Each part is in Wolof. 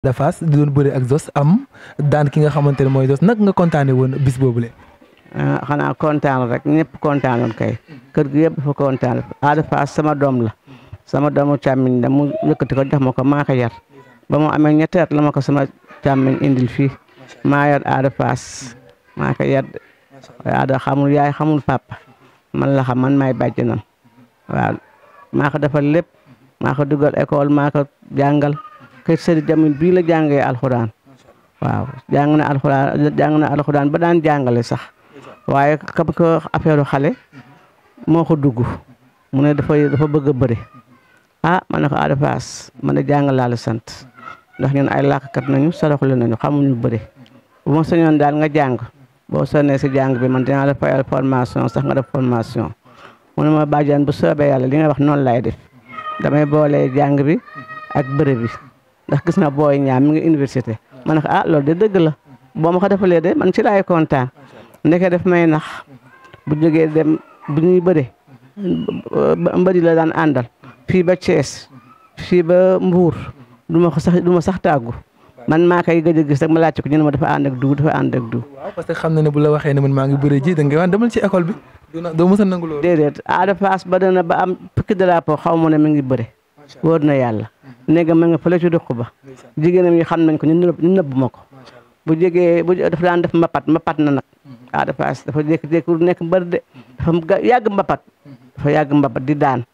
da Fass di doon bëri ak Zoss am daan ki nga xamante ne mooy Zoss nag nga kontaanee woon bis boobule. Ah, xanaa kontaan rek ñëpp kontaanoon kay. kër gi yëpp dafa kontaan Ada Fass sama doom la. sama doomu càmmiñ la mu yëkkati ko jox ma ko maa ko yar. ba mu amee ñetteet la ma ko sama càmmiñ indil fii. maa yar Ada Fass. maa ko yar Ada yaay xamul papa. man la xam man maay bàjjenam. waaw maa ko defal lépp. maa ko dugal école maa ko jàngal. fekk sëriñ Jamil bii la jàngee alxuraan waaw jàng na alxuraan jàng na alxuraan ba daan jàngale sax waaye kam ko affaire xale moo ko dugg mu ne dafa dafa bëgg a bëri ah ma ne ko Ada Fass ma ne jàng laa la sant ndax ñun ay kat nañu saraxule nañu xamuñu bëri bu ma sañoon daal nga jàng boo sonnee si jàng bi man dinaa la fayal formation sax nga def formation mu ne ma bàjjan bu soobee yàlla li nga wax noonu laay def damay boole jàng bi ak bëri ndax gis naa booy ñaam mi ngi université ma ne ah loolu de dëgg la boo ma ko defalee de man ci laay kontaan ndeke def may nax bu jógee dem bu ñuy bëre mbëri la daan àndal fii ba Thiès fii ba Mbour du ma sax du ma sax tàggu man maa koy gëj a gis rek ma laajte ko ñu ma dafa ànd ak du dafa ànd ak du. waaw parce que xam na ne bu la waxee ne man maa ngi bëre ji da nga waan demal ci école bi. doo mës a nangu xaw ma ne mi ngi bëre wóor na yàlla. néegam ma nga fële ci duq ba jigéenam yi xam nañ ko ñu nëbb ma ko bu jegee bu dafa daan def mbapat mbapat na nag ah dafa dafa jékki-jékki nekk mbër de dafa yàgg mbapat di daan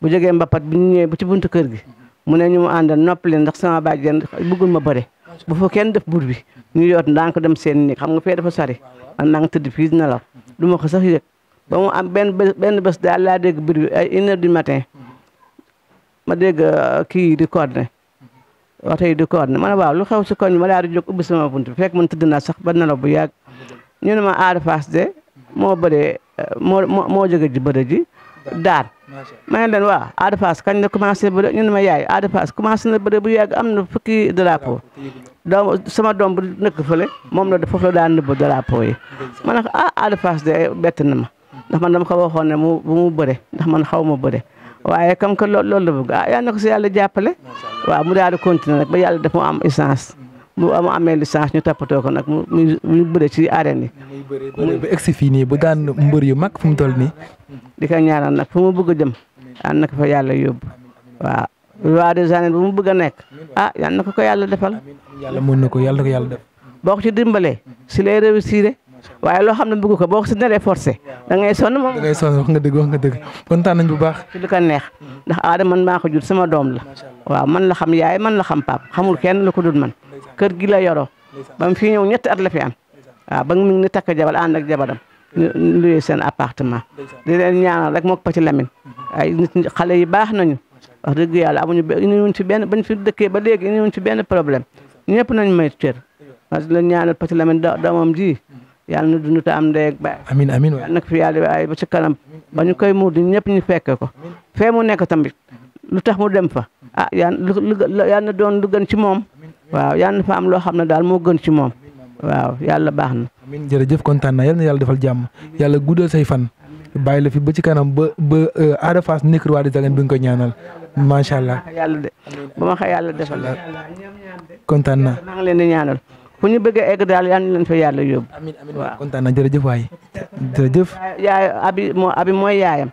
bu jegee mbapat bu ñu ñëwee bu ci buntu kër gi mu ne ñu mu àndal noppi leen ndax sama bàjjen bëggul ma bëre bu fa kenn def bur bi ñu yoot ndaan ko dem seen néeg xam nga fee dafa sori man maa ngi tëdd fii nelaw du ko sax yëg ba mu am benn benn bés daal laa dégg bur ma dégg euh, kii di corne waxtu yi di corne ma ne waaw lu xew si koñ ma daal di jóg ubbi sama bunt fekk man tëdd naa sax ba nelaw bu yàgg ñu ma aada de moo bëree euh, moo moo jóge ji bëre ji daan ma ne leen waa aada faas kañ la commencé bëre ñu ne ma yaay aada faas commencé na bëre bu yàgg am na fukki drapeau doom sama doom bu nekk fële moom la foofu la daan nëbb drapeau yi ma ne ko ah, de bett na ma ndax man dama ko waxoon ne mu bu mu bëre ndax man xaw ma bëre waaye comme que loolu la bëgg ah yan na ko si yàlla jàppale. waaw mu daal di continuer nag ba yàlla def mu am essence. Mm-hmm. mu am amee licence ñu toppatoo ko nag mu mu bëre ci arène yi. muy ba egsi fii nii bu daan mbër yu mag fu mu toll nii. Mm-hmm. di ko ñaanal nag fu mu bëgg a jëm. yal na ko fa yàlla yóbbu. waaw roi des bu mu bëgg a nekk. ah yal na ko yàlla defal. yàlla mën na ko yàlla yàlla ci dimbalee si lay réussir. waaye loo xam ne bëgg ko boo ko si naree forcé da ngay sonn moom. da ngay sonn wax nga dëgg wax nga dëgg kontaan nañ bu baax. ci ko neex ndax aadama man maa ko jur sama doom la waaw man la xam yaay man la xam paap xamul kenn la ko dul man kër gi la yoroo ba mu fi ñëw ñetti at la fi am waaw ba mu ngi takk jabar ànd ak jabaram luyee seen appartement di leen ñaanal rek moo ko ci Lamine mm-hmm. ay nit xale yi baax nañu wax dëgg yàlla amuñu ñu ci benn bañ fi dëkkee ba léegi ñu ci benn problème ñëpp nañ may cër parce que yàlla na dund te am ndey ak baay. amiin amiin waay yàlla na ko fi yàlla waaye ba ci kanam ba ñu koy muur di ñëpp ñu fekkee ko fee mu nekk tamit lu tax mu dem fa ah yàlla na doon lu gën ci moom waaw yàlla na am loo xam ne daal moo gën ci moom waaw yàlla baax na. amiin jëf kontaan naa yal na yàlla defal jàmm yàlla guddal say fan bàyyi la fi ba ci kanam ba ba euh, Ada Fass nekk roi bi nga ko ñaanal macha allah. yàlla de ba ma xëy yàlla defal kontaan naa maa ngi leen di fu ñu bëggee egg daal yal na leen fa yàlla yóbbu. amiin amiin waaw kontaan na jërëjëf waay jërëjëf. yaay abi moo abi mooy yaayam.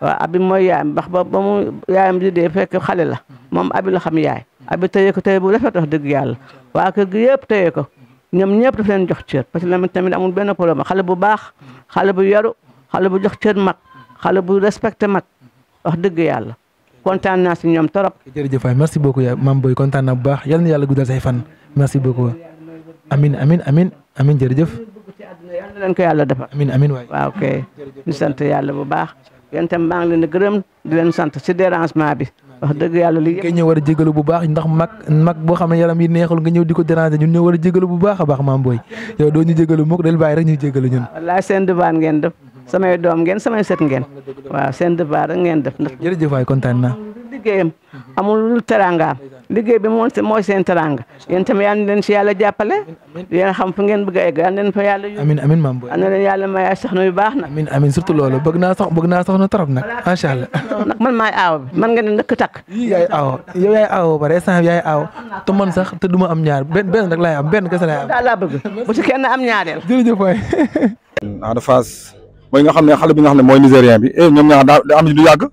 waaw abi mooy yaayam mbax ba ba mu yaayam di dee fekk xale la moom abi la xam yaay. abi téye ko téye bu rafet wax dëgg yàlla waa kër gi yëpp téye ko ñoom ñëpp daf leen jox cër parce que Lamine tamit amul benn problème xale bu baax xale bu yaru xale bu jox cër mag xale bu respecte mag wax dëgg yàlla kontaan naa si ñoom torop jërëjëf waay merci beaucoup maam Boy kontaan bu baax yal na yàlla guddal say fan merci beaucoup. amin amin amin amin jërëjëf yàlla leen ko yàlla defal amin amin waay waaw kay ñu sant yàlla bu baax yéen tam maa ngi leen di gërëm di leen sant si dérangement bi wax li nga ñëw war a bu baax ndax mag mag boo xam ne yaram yi neexul nga ñëw di ko déranger ñun ñëw war a jégalu bu baax a baax maam booy yow doo ñu jégalu mukk del bàyyi rek ñu jégalu ñun wallaay seen dubaan ngeen def samay doom ngeen samay set ngeen waaw seen dubaan rek ngeen def jërëjëf waay kontaan naa liggéeyam amul liggéey bi moom mooy seen teraanga yéen tamit yal na leen si yàlla jàppale yéen xam fu ngeen bëgg a egg yal na fa yàlla amiin amiin maam booy na leen yàlla may ay soxna yu baax nag amiin amiin surtout loolu bëgg naa sox bëgg naa soxna trop nag macha allah nag man man nga ne ndëkk takk yaay aaw yow yaay aaw bare instant yaay aaw te sax te duma am ñaar benn benn rek laay am benn kese laay laa bëgg bu si kenn am ñaareel jërëjëf waay Ada Fass mooy nga xam ne xale bi nga xam ne mooy nigérien bi eh, ñoom ñaar daa am du yàgg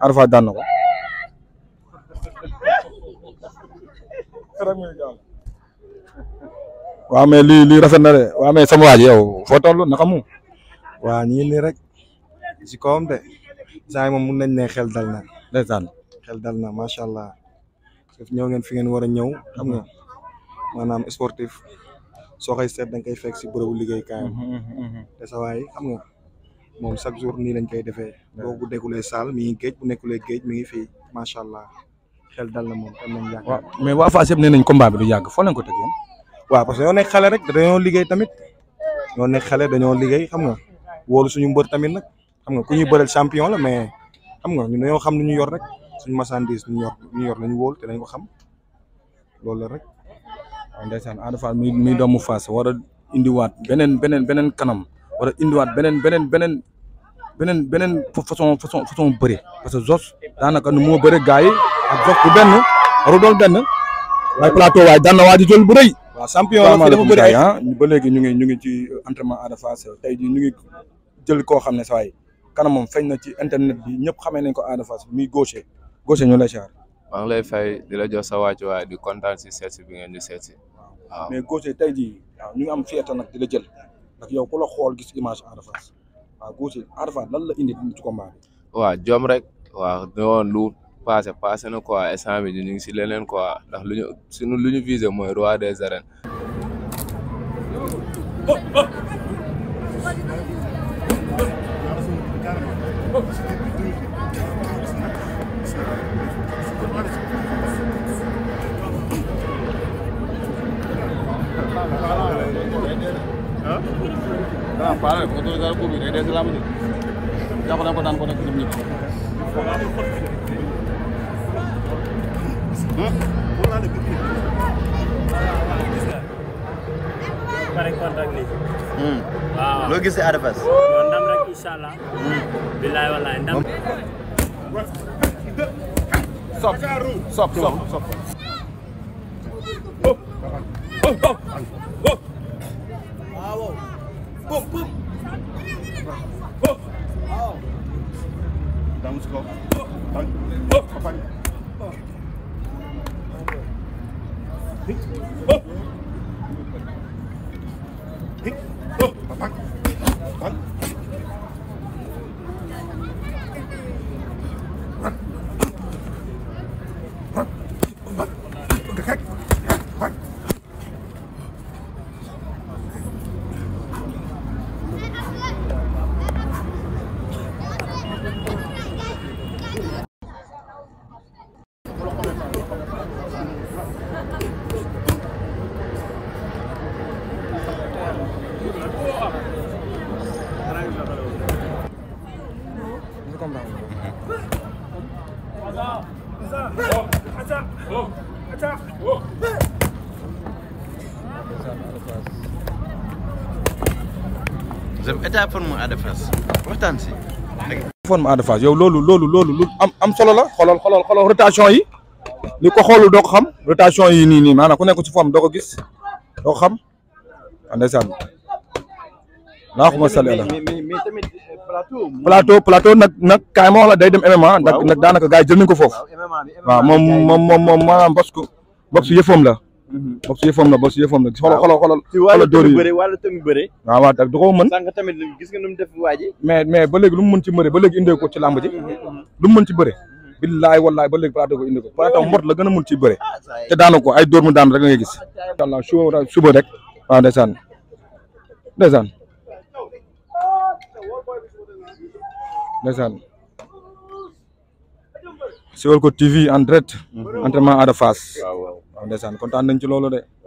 Ada Fass daan na ko waaw me lii li rafet na de waaw mais sama waa ji yow foo toll naka mu. waa ñii rek si kawam de saa yi moom mun nañ ne xel dal na. ndeysaan xel dal na macha allah ñëw ngeen fi ngeen war a ñëw xam nga maanaam sportif soo koy seet da nga koy fekk si bërëbu liggéeykaayam. Mhm, mhm, mhm. te sa waay moom chaque jour nii lañ koy defee. boo bu nekkulee saal mi ngi géej bu nekkulee géej mi ngi fii macha allah. xel dal na moom am nañ yaakaar waaw mais waa Fass yëpp nee nañ combat bi du yàgg foo leen ko teg yéen waaw parce que ñoo nekk xale rek dañoo liggéey tamit ñoo nekk xale dañoo liggéey xam nga wóolu suñu mbër tamit nag xam nga ku ñuy bëreel champion la mais xam nga ñu dañoo xam lu ñu yor rek suñu marchandise ñu yor ñu yor la ñu wóolu te dañ ko xam loolu la rek waaw ndeysaan Ada Fass mi mi doomu Fass war a indiwaat beneen beneen beneen kanam war a indiwaat beneen beneen beneen beneen beneen façon façon façon bëre parce que Zos daanaka nu moo bëre gars yi ak gox bu benn waru doon benn waaye plateau waaye daan na waaj jël bu rëy. waaw champion la fi dafa bëri ay ah, ba léegi ñu ngi ñu ngi ci entraînement Ada Fass tey jii ñu ngi jël koo xam ne saa yi kanam moom feeñ na ci internet bi ñëpp xamee nañ ko Ada Fass muy gaucher gaucher ñu lay maa ngi lay fay di la jox sa wàcc waaye di si seet bi ngeen di si. waaw mais gaucher tey jii waaw ñu ngi am fierté nag di la jël ndax yow ku la xool gis image Ada Fass waaw gaucher Ada la indi ci combat bi. waaw jom rek waaw ne woon lu passé passé na quoi instant bi ñu ngi ci leneen quoi ndax luñu suñu luñu viser moy roi des arènes. ada selamat. Jangan pernah pernah kau nak kirim Logis di ya, Bukit. ada pas. Ndam Stop. Stop, stop, stop. Oh. Oh, oh. Oh. Oh. Oh, hít hít on down. Zem état forme à défense. Waxtan ci. Forme à défense. Yow lolu lolu lolu lu am am solo la. Xolal xolal xolal rotation yi. Ni ko xolul doko xam. Rotation yi ni ni maanaam ku nekk ci forme doko gis. Doko xam. Ndeysaan. Laa xuma sale la. Mais mais tamit plateau plateau nag nag kaay ma wax la day dem MMA nag nag daanaka gars yi ko foofu waaw moom moom moom moom maanaam box ko box mm-hmm. yëfam mm-hmm. la box yëfam la box yëfam la xoolal xoolal xoolal xoolal dóor gis nga nu mu def waa ji mais mais ba léegi lu mu mën ci bëre ba léegi indee ko ci làmb ji mm-hmm. lu ci bëre billaay wallaay ba plateau ko indi ko plateau mbot la gën a mën ci bëre ah, te daanu ko ay dóor mu daan rek la ngay gis incha ah, allah suba rek waaw ndeysaan Siweulko TV en direct mhm. entraînement Ada Fass waaw ndeysaan kontaan nañ ci loolu de